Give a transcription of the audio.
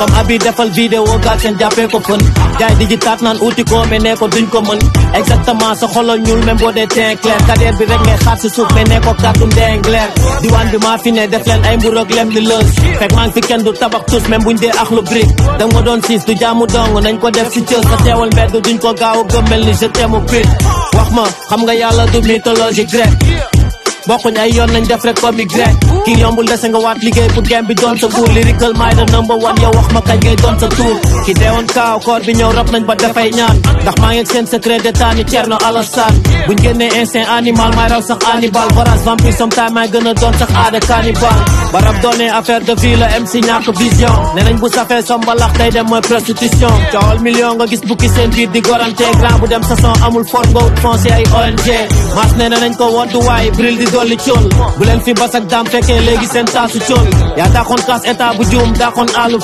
comme abi defal vidéo gaal seen jàppee ko fën jaay digitaat naan uuti ko mais duñ ko mën exactement sa xolol ñuul même dee teint clair bi rek ngay xaar si suuf mais nee ko kàttum deen clair diwaan bi maa def leen ay mburu ak lem li lës fekk maa fi kenn du tabax tus même dee axlu brique da nga doon siis du jaamu dong nañ ko def si cës sa teewal mbedd duñ ko gaaw a gëmmel ni je t'aime pire wax ma xam nga yàlla du mythologie grecque bokkuñ ay yoon nañ def rek comme yombul nga pour game bi sa lyrical number one yow wax ma kañ ngay doon sa ki koor bi ñëw nañ ba ñaan ndax secret d'état ni Alassane buñ instinct animal raw sax animal vampire sax cannibal affaire de MC vision dem prostitution million nga gis di gorante grand bu dem amul fort foncé ay ONG mas ko bril di dolli coon bu leen fi basak daam fekkee léegi seen taasu coon yaa daaxoon kaas état bu juum daaxoon àllu